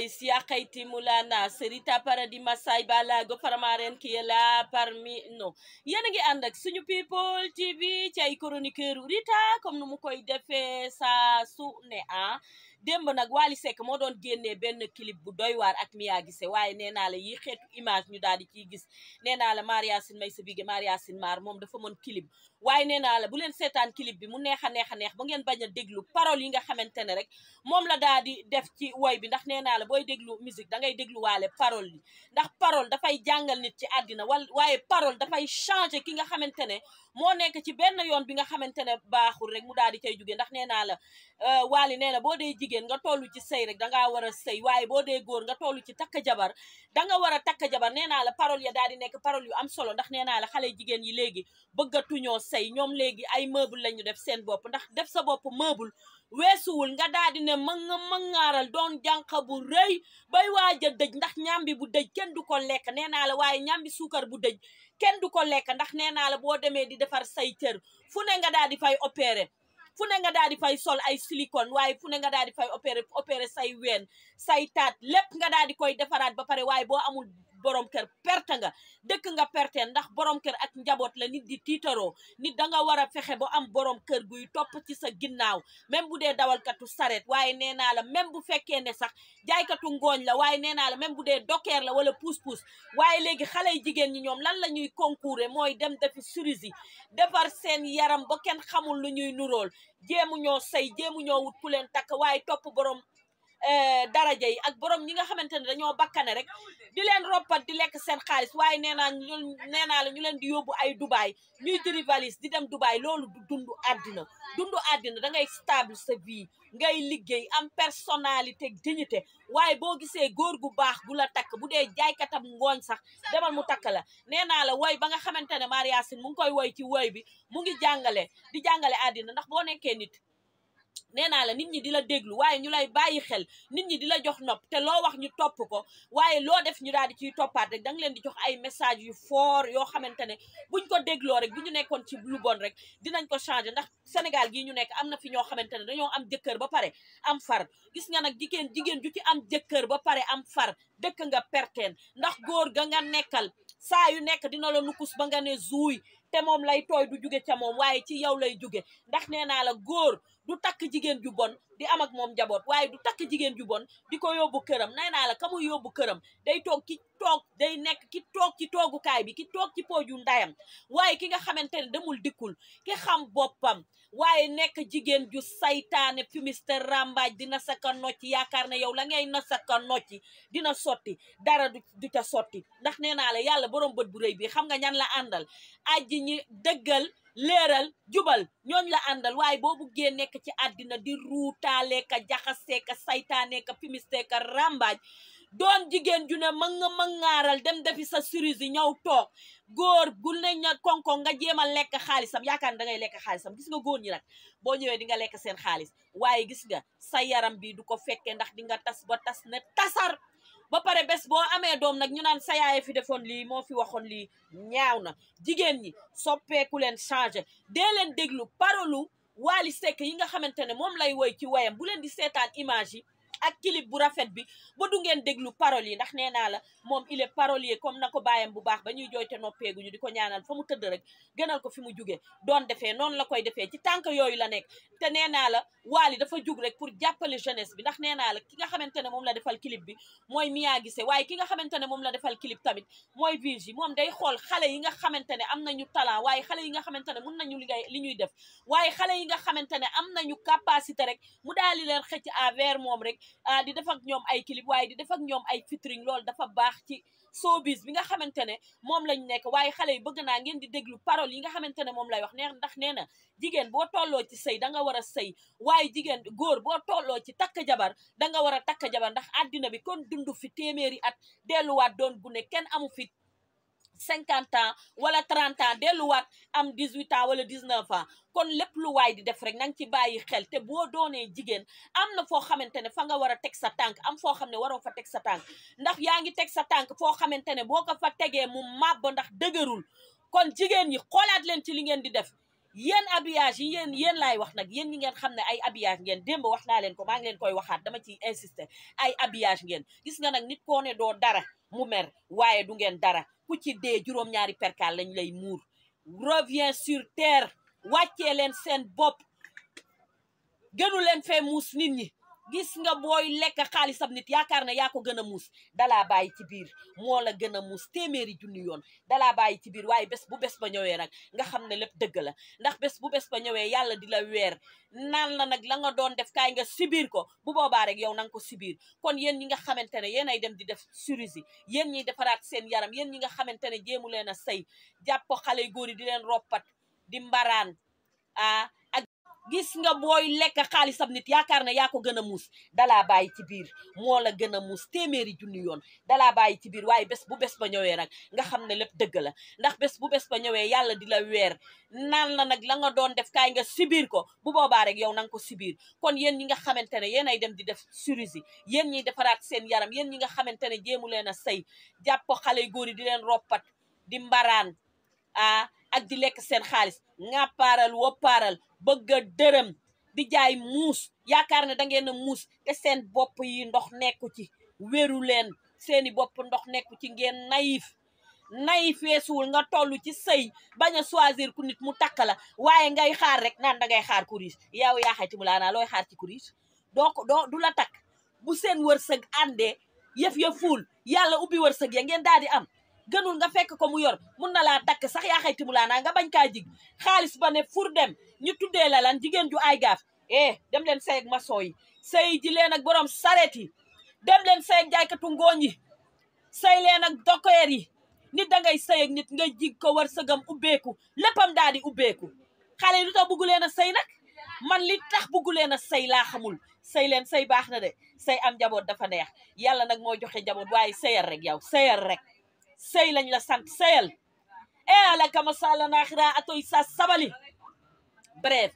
rais ya kaiti mulana serita para di masai bala go faramaren kiyala parmi no yéen a ngi ànd ak suñu people tv ci ay chroniqueur Rita comme nu mu koy defee saa su ne ah démb nag Wally Seck moo doon génnee benn clip bu doy waar ak Mia Guissé waaye nee naa la yi xeetu image ñu daal di ciy gis nee naa la Maria Sine may sa bige Maria Sine Mar moom dafa mën clip waaye nee naa la bu leen seetaan clip bi mu neex a neex a neex ba ngeen bañ a déglu parole yi nga xamante ne rek moom la daal di def ci woy bi ndax nee naa la booy déglu musique dangay ngay dégluwaale parole yi ndax parole dafay jàngal nit ci àddina wal waaye parole dafay changer ki nga xamante ne moo nekk ci benn yoon bi nga xamante ne baaxul rek mu daal cay jóge ndax nee naa la Euh, waali nee na boo dee jigéen nga toll ci sëy rek dangaa war a sëy waaye boo dee góor nga toll ci takk jabar danga war a takk jabar nee naa la parole ya daal di nekk parole yu am solo ndax nee naa la xale jigéen yi léegi bëggatuñoo sëy ñoom léegi ay meuble lañu def seen bopp ndax def sa bopp meuble weesuwul nga daal di ne mënga mëngaaral doon jànq bu rëy bay waaj a dëj ndax ñambi bu dëj kenn du ko lekk nee naa la waaye ñambi suukar bu dëj kenn du ko lekk ndax nee naa la boo demee di defar say cër fu ne nga daal di fay opérer fu ne nga daal di fay sol ay silicone waaye fu ne nga daal di fay opéré opéré say ween say taat lépp nga daal di koy defaraat ba pare waaye boo amul borom kër perte nga dëkk nga perte ndax borom kër ak njaboot la nit di tiitaroo nit da nga war a fexe ba am borom kër guy topp ci sa ginnaaw même bu dee dawalkatu saret waaye nee naa la même bu fekkee ne sax jaaykatu ngooñ la waaye nee naa la même bu dee dokeer la wala puus-puus waaye léegi xale jigéen ñi ñoom lan la ñuy concouré mooy dem defi chirurgie defar seen yaram ba kenn xamul lu ñuy nurool jéemu ñoo say jéemu ñoo wut ku leen takk waaye topp borom Eh, daraja yi ak borom ñi nga xamante ne dañoo bakkane rek di leen roppat di lekk seen xaalis waaye nee naa ñu nee naa la ñu leen di yóbbu ay Dubaay ñuy jëri valise di dem Dubaay loolu du dundu àddina dundu àddina da ngay sa vie ngay liggéey am personnalité dignité waaye boo gisee góor gu baax gu la takk bu dee jaaykatam ngooñ sax demal mu takk la nee naa la woy ba nga xamante ne Marie mu ngi koy woy ci woy bi mu ngi jàngale di jàngale àddina ndax boo nekkee nit nee naa la nit ñi di la déglu waaye ñu lay bàyyi xel nit ñi di la jox nopp te loo wax ñu topp ko waaye loo def ñu daal di ciy toppaat rek da nga leen di jox ay message yu foor yoo xamante ne buñ ko dégloo rek bu ñu nekkoon ci lu bon rek dinañ ko changer ndax Sénégal gii ñu nekk am na fi ñoo xamante ne dañoo am jëkkër ba pare am far gis nga nag jigéen jigéen ju ci am jëkkër ba pare am far dëkk nga perten ndax góor ga nga nekkal saa yu nekk dina la nukus ba nga ne zuuy te lay tooy du juge ca moom waaye ci yow lay juge ndax nee naa la góor du takk jigéen ju bon di am ak moom njaboot waaye du takk jigéen ju bon di ko yóbbu këram nee naa la ka muy yóbbu këram day toog ki toog day nekk ki toog ci toogukaay bi ki toog ci pooju ndayam waaye ki nga xamante ne demul dikkul ki xam boppam waaye nekk jigéen ju saytaane fumiste rambaaj dina saka nocci yaakaar ne yow la ngay na saka nocci dina sotti dara du ca sotti ndax nee naa la yàlla borom bët bu rëy bi xam nga ñan la àndal aji ñi dëggal leeral jubal ñooñu la àndal waaye boo buggee nekk ci àddina di ruutaalee ka jaxasee ka saytaanee ka pimistee ka ràmbaaj doon jigéen ju ne mën nga mën ngaaral dem defi sa cerise yi ñëw toog góor gu ne ña konko nga jéem a lekk xaalisam yaakaar ne da ngay lekk xaalisam gis nga góor ñi nag boo ñëwee di nga lekk seen xaalis waaye gis nga sa yaram bi du ko fekkee ndax di nga tas ba tas ne tasar ba pare bés boo amee doom nag ñu naan sa yaay fi defoon lii moo fi waxoon lii ñaaw na jigéen ñi soppeeku leen changé dee leen déglu parolu Wally Seck yi nga xamante ne moom lay woy ci wayam bu leen di seetaan images yi ak clip bu rafet bi ba du ngeen déglu paroles yi ndax nee naa la moom il est parolier comme na ko bàyyam bu baax ba ñuy jooyte noppeeguñu di ko ñaanal fa mu tëdd rek gënal ko fi mu jugee doon defee noonu la koy defee ci tànk yooyu la nekk te nee naa la Wally dafa jug rek pour jàppale jeunesse bi ndax nee naa la ki nga xamante ne moom la defal clip bi mooy Mia Guissé waaye ki xamante ne moom la defal clip tamit mooy Virgi moom day xool xale yi nga xamante ne am na talent waaye xale yi nga xamante ne mun nañu li ñuy def waaye xale yi nga xamante ne am nañu capacité rek mu daal di leen xëcc à vers moom rek Ah, di defak ñoom ay clip waaye di def ak ñoom ay featuring lool dafa baax ci showbiz bi nga xamante ne moom lañ nekk waaye xale yi bëgg naa ngeen di déglu parole yi nga xamante ne moom lay wax nee ndax nee na jigéen boo tolloo ci sey danga nga war a sëy waaye jigéen góor boo tolloo ci takk jabar da nga war a takk jabar ndax àddina bi kon dund fi téeméeri at delluwaat doon gune kenn amu fi cinquante ans wala trente ans delluwaat am dix huit ans wala dix neuf ans kon lépp lu waay di def rek na nga ci bàyyi xel te boo doonee jigéen am na foo xamante ne fa nga war a teg sa tànk am foo xam ne waroo fa teg sa tànk ndax yaa ngi teg sa tànk foo xamante ne boo ko fa tegee mu màbb ndax dëgërul kon jigéen ñi xoolaat leen ci li ngeen di def yéen habillage yi yéen yéen laay wax nag yéen ñi ngeen xam ne ay habillage ngeen démb wax naa leen ko maa ngi leen koy waxaat dama ciy insister ay habillage ngeen gis nga nag nit koo ne doo dara mu mer waaye du ngeen dara ku ci dee juróom-ñaari perkaal lañ lay muur revient sur terre wàccee leen seen bopp gënu leen fee muus nit ñi gis nga booy lekk xaalisam nit yaakaar ne yaa ko gën a muus dalaa bàyyi ci biir moo la gën a muus téeméeri junni yoon dalaa bàyyi ci biir waaye bés bu bés ba ñëwee nag nga xam ne lépp dëgg la ndax bés bu bés ba ñëwee yàlla di la weer naan la nag la nga doon def kaay nga sibir ko bu boobaa rek yow nanga ko sibir kon yéen ñi nga xamante ne yéen ay dem di def chirurgie yéen ñiy defaraat seen yaram yéen ñi nga xamante ne jéemu leen a sëy jàpp xale góor yi di leen roppat ah, gis nga booy lekk xaalisam nit yakaar ne yaa ko gën a muus dalaa bàyyi ci biir moo la gën a muus téeméeri junni yoon dalaa bàyyi ci biir waaye bés bu bés ba ñëwee nag nga xam ne lépp dëgg la ndax bés bu bés ba ñëwee yàlla di la weer naan la nag la nga doon def kaay nga sibir ko bu boobaa rek yow na nga ko sibir kon yéen ñi nga xamante ne yéen ay dem di def chirurgie yéen ñiy defaraat seen yaram yéen ñi nga xamante ne jéemu leen a sëy jàpp xale góor yi di leen roppat di ah, ak di lekk seen xaalis paral woppaaral bëgg a dërëm di jaay muus yaakaar ne da ngeen a muus te seen bopp yi ndox nekku ci wéru leen seeni bopp ndox nekku ci ngeen naïf naïf weesuwul nga toll ci say bañ a choisir ku nit mu takk la waaye ngay xaar rek naan da ngay xaar kuris yow yaa xayti mu laanaa looy xaar ci kuris donc doo du la takk bu seen wërsëg àndee yëf ya fuul yàlla ubbi wërsëg ya ngeen daal di am gënul nga fekk ko mu yor mun na laa takk sax yaa xay timulaanaa nga bañ kaa jig xaalis ba ne fur dem ñu tuddee la lan jigéen ju ay gaaf eh dem leen seeg maçon yi sëy ji leen ak borom sareet yi dem leen seeg jaaykatu ngooñ yi sëy leen ak dokoyeer yi nit dangay sëy ak nit nga jig ko war sëgam ubbeeku léppam daal di ubbeeku xale yi lu tax bugg a sëy nag man li tax bugg leen a sëy laa xamul sëy leen say baax na de sëy am njaboot dafa neex yàlla nag moo joxe njaboot waaye sëyal yow sëyal rek sëy lañ la sant sëyal e eh, alakama sàlla naaxira atoy sa sabali bref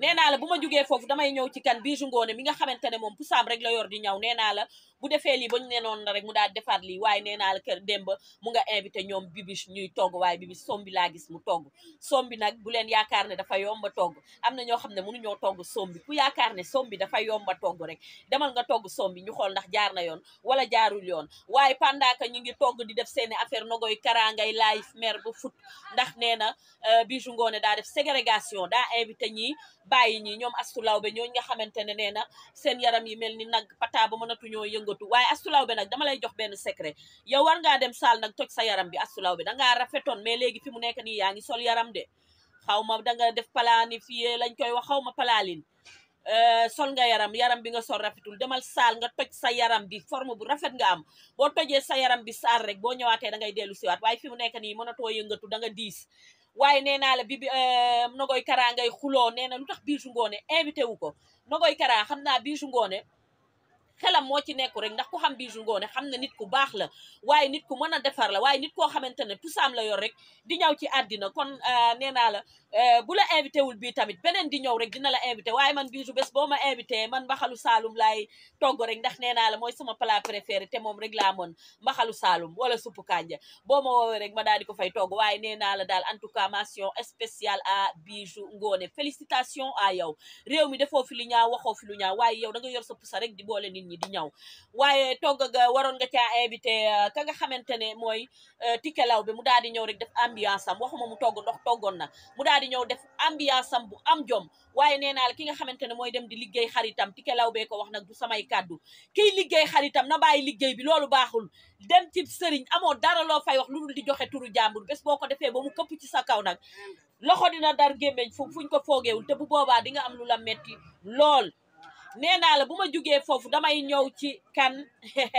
nee naa la bu ma jugee foofu damay ñëw ci kan bii ju ngoone mi nga xamante ne moom pusaam rek la yor di ñaw nee naa la bu defee lii ba ñu neenoon na rek mu daal defaat li waaye nee naa la kër démb mu nga invité ñoom bibiche ñuy togg waaye bibiche sombi laa gis mu togg sombi nag bu leen yaakaar ne dafa yomba togg am na ñoo xam ne mënuñoo togg sombi ku yaakaar ne sombi dafa yomba togg rek demal nga togg sombi ñu xool ndax jaar na yoon wala jaarul yoon waaye pendant que ñu ngi togg di def seeni affaire nogoy karangay laay mer bu fut ndax nee na euh, Bijou Ngoné daa def ségrégation daa invité ñi bàyyi ñi ñoom astulaw be ñooñu nga xamante ne nee na seen yaram yi mel ni nag pata ba mënatuñoo yëngu yëngatu waaye astulaw bi nag dama lay jox benn secret yow war ngaa dem saal nag toj sa yaram bi astulaw bi dangaa rafetoon mais léegi fi mu nekk nii yaa ngi sol yaram de xaw ma danga def planifié lañ koy wax xaw ma palaalin euh, sol nga yaram yaram bi nga sol rafetul demal saal nga toj sa yaram bi forme bu rafet nga am boo tojee sa yaram bi saal rek boo ñëwaatee da ngay dellu siwaat waaye fi mu nekk nii mënatoo yëngatu danga nga waaye nee naa bi bi euh, nogoy karaa ngay xuloo nee na lu tax biisu ngoone invité wu ko nogoy karaa xam naa biisu ngoone xelam moo ci nekku rek ndax ku xam Bijou Ngoné xam na nit ku baax la waaye nit ku mën a defar la waaye nit koo xamante ne tusaam la yor rek di ñëw ci àddina kon euh, nee naa la euh, bu la invité wul bii tamit beneen di ñëw rek dina la invité waaye man Bijou bés boo ma invité man mbaxalu saalum laay togg rek ndax nee naa la mooy sama plat préféré te moom rek laa mën mbaxalu saalum wala suppu kànja boo ma woowee rek ma daal di ko fay togg waaye nee naa la daal en tout cas mention spéciale à Bijou Ngoné félicitations yow réew mi defoo fi lu ñaaw lu ñaaw waaye yow da nga yor sa pusa ñi di ñaw waaye togg nga waroon nga caa invité uh, ka nga xamante ne mooy uh, law bi mu daal di ñëw rek def ambiance am waxuma mu togg ndox toggoon nag mu daal di ñëw def ambiance bu am jom waaye nee naa la ki nga xamante ne mooy dem di liggéey xaritam tikelaw bee ko wax nag du samay kàddu kiy liggéey xaritam na bàyyi liggéey bi loolu baaxul dem ci sëriñ amoo dara loo fay wax lu di joxe turu jàmbur bés boo ko defee ba mu këpp ci sa kaw nag loxo dina dar gémmeñ fu fuñ ko foogeewul te bu boobaa di nga am lu la metti lool nee naa la bu ma jugee foofu damay ñëw ci kan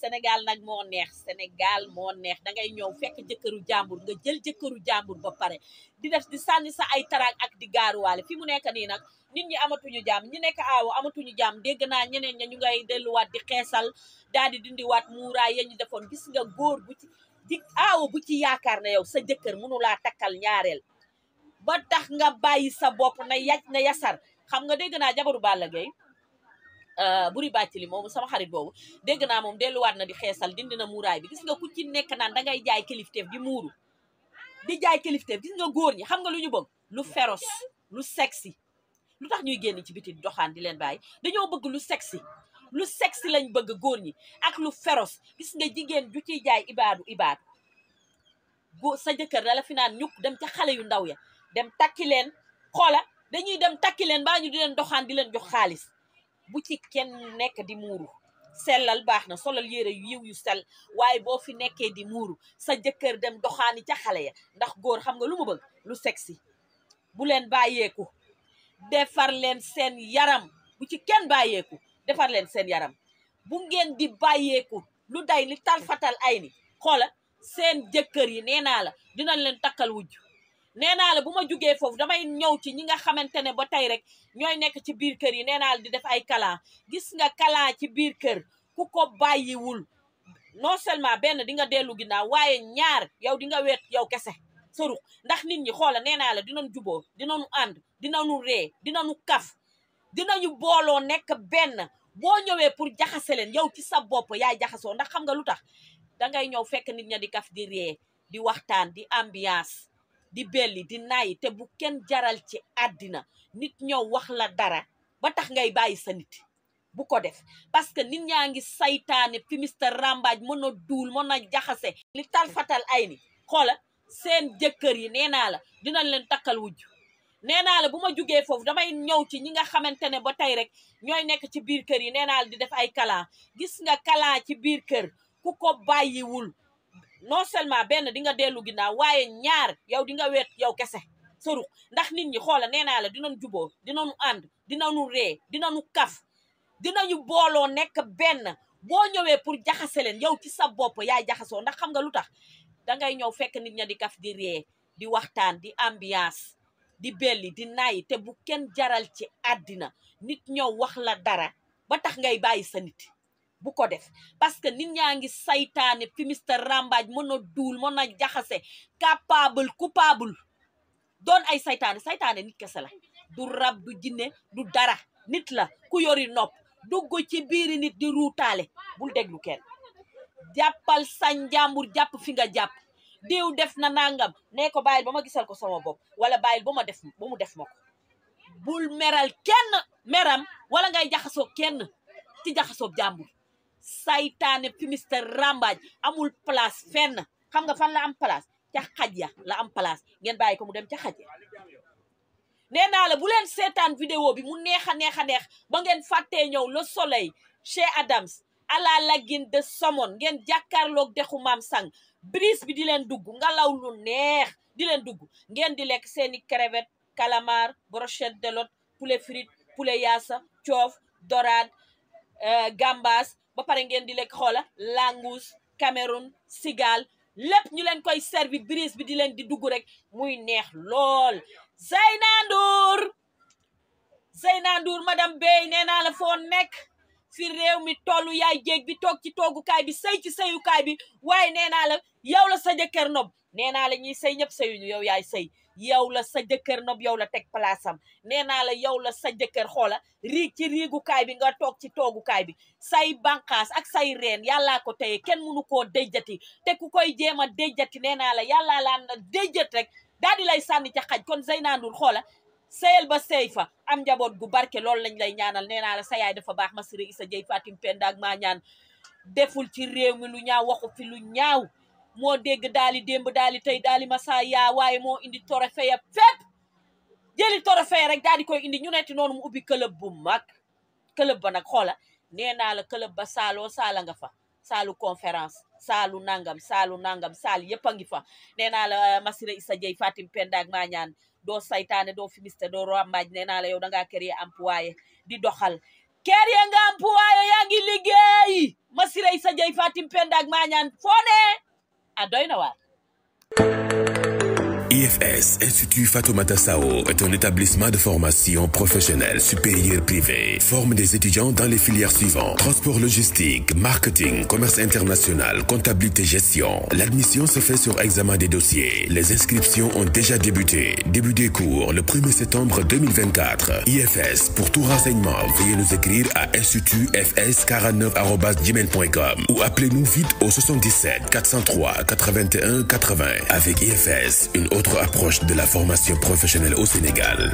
Sénégal nag moo neex Sénégal moo neex dangay ñëw fekk jëkkëru jàmbur nga jël jëkkëru jàmbur ba pare di def di sa ay taraak ak di gaaruwaale fi mu nekk nii nag nit ñi amatuñu jàmm ñi nekk aawo amatuñu jàmm dégg naa ñeneen ña ñu ngay delluwaat di xeesal daal di dindiwaat muuraay ya ñu defoon gis nga góor bu ci di aawo bu ci yaakaar na yow sa jëkkër laa takkal ñaareel ba tax nga bàyyi sa bopp na yaj na yasar xam nga dégg naa jabaru Balla Gaye buri bàcci li moomu sama xarit boobu dégg naa moom delluwaat na di xeesal dindi na muuraay bi gis nga ku ci nekk naan dangay jaay kilifteef di muuru di jaay kilifteef gis nga góor ñi xam nga lu ñu bëgg lu féroce lu sexy lu tax ñuy génn ci biti doxaan di leen bàyyi dañoo bëgg lu sexy lu sexy lañ bëgg góor ñi ak lu féroce gis nga jigéen ju ciy jaay ibaadu ibaadu góor sa jëkkër da la fi naan ñuk dem ca xale yu ndaw ya dem takki leen xoola dañuy dem takki leen baa ñu di leen doxaan di leen jox xaalis bu ci kenn nekk di muuru sellal baax na solal yére yu yiw yu sell waaye boo fi nekkee di muuru sa jëkkër dem doxaani ca xale ya ndax góor xam nga lu mu bëgg lu sexy bu leen bàyyeeku defar leen seen yaram bu ci kenn bàyyeeku defar leen seen yaram bu ngeen di bàyyeeku lu day li tal fatal ay ni xoola seen jëkkër yi nee naa la dinañ leen takkal wujj nee naa la bu ma jugee foofu damay ñëw ci ñi nga xamante ne ba tey rek ñooy nekk ci biir kër yi nee naa la di def ay kalan gis nga kalan ci biir kër ku ko bàyyiwul non seulement benn di nga dellu ginnaaw waaye ñaar yow di nga weet yow kese sërux ndax nit ñi xoola nee naa la dinañ juboo dinañu ànd dinañu ree dinañu kaf dinañu booloo nekk benn boo ñëwee pour jaxase leen yow ci sa bopp yaay jaxasoo ndax xam nga lu tax dangay ñëw fekk nit ña di kaf di ree di waxtaan di ambiance di belli di naayi te bu kenn jaral ci àddina nit ñoo wax la dara ba tax ngay bàyyi sa nit bu ko def parce que nit ñaa ngi saytaane fimiste rambaaj mën a duul mën a jaxase li tal fatal ay ni xoola seen jëkkër yi nee naa la dinañ leen takkal wujj nee naa la bu ma jugee foofu damay ñëw ci ñi nga xamante ne ba tey rek ñooy nekk ci biir kër yi nee naa la di def ay kala gis nga kala ci biir kër ku ko bàyyiwul non seulement benn di nga dellu ginnaaw waaye ñaar yow di nga weet yow kese sa ruq ndax nit ñi xoola nee naa la dinañu juboo dinañu ànd dinañu ree dina dinañu kaf dinañu booloo nekk benn boo ñëwee pour jaxase leen yow ci sa bopp yaay jaxasoo ndax xam nga lu tax dangay ñëw fekk nit ña di kaf di ree di waxtaan di ambiance di belli di nayi te bu kenn jaral ci addina nit ñëw wax la dara ba tax ngay bàyyi sa nit bu ko def parce que ni ñaa ngi saytaane fumiste rambaaj mën a duul mën a jaxase capable coupable doon ay saytaane saytaane nit kese la du rab du jinne du dara nit la ku yori nopp dugg ci biiri nit di routale bul déglu kenn jàppal sa njàmbur jàpp fi nga jàpp diw def na nangam nee ko bàyyil ba ma gisal ko sama bopp wala bàyyil ba ma def ba mu def ma ko bul meral kenn meram wala ngay jaxasoo kenn ci jaxasoo jàmbur saytaane pimiste rambaaj amul place fenn xam nga fan la am place ca xaj ya la am place ngeen bàyyi ko mu dem ca xaj ya nee naa la bu leen seetaan vidéo bi mu neex a neex a neex ba ngeen fàttee ñëw le soleil chez Adams ala lagin de somon ngeen jàkkaarloog dexu maam sang bris bi di leen dugg ngelaw lu neex di leen dugg ngeen di lekk seeni crevette calamar brochette de lot poulet frite poulet yaasa coof dorad euh, gambas ba pare ngeen di lekk xoola langous Cameroun sigaal lépp ñu leen koy servi brise bi di leen di dugg rek muy neex lool Zeyna Ndour Zeyna Ndour madame Bey nee naa la foo nekk fi réew mi tollu yaay jéeg bi toog ci toogukaay bi say ci sayukaay bi waaye nee naa la yow la sa jëkkër nob nee naa la ñuy sëy ñëpp sëyuñu yow yaay sëy yow la sa jëkkër nob yow la teg place am nee naa la yow la sa jëkkër xoola riig ci riigukaay bi nga toog ci toogukaay bi say bànqaas ak say reen yàllaa ko teye kenn mënu koo déjjati te ku koy jéem a déjjati nee naa la yàllaa laan na déjjat rek daal lay sànni ca xaj kon Zeynaandour xoola seyel ba sey fa am njaboot gu barke loolu lañ lay ñaanal nee naa la sa yaay dafa baax Massiré Issa Dieye Fatim Penda ak maa ñaan deful ci réew mi lu ñaaw waxu fi lu ñaaw moo dégg daali démb daali tey daali masa yaa waaye moo indi trophée ya fépp jëli trophée rek daal di koy indi ñu netti noonu mu ubbi club bu mag club ba nag xoola nee naa la club ba saaloo saala nga fa saalu conférence saalu nangam saalu nangam saal yëpp a ngi fa nee naa la eh, Masira Issa Dieye Fatim Penda ak Mañaan doo saytaane doo fimiste doo rambaaj nee naa la yow dangaa créer employé di doxal kër ya nga employé yaa ngi liggéey Masira Issa Dieye Fatim Penda ak ah doy na waar IFS, Institut Fatoumata Sao, est un établissement de formation professionnelle supérieure privée. Forme des étudiants dans les filières suivantes. Transport logistique, marketing, commerce international, comptabilité gestion. L'admission se fait sur examen des dossiers. Les inscriptions ont déjà débuté. Début des cours le 1er septembre IFS, pour tout renseignement, veuillez nous écrire à institutfs49@gmail.com ou appelez-nous vite au avec IFS, notre approche de la formation professionnelle au Sénégal.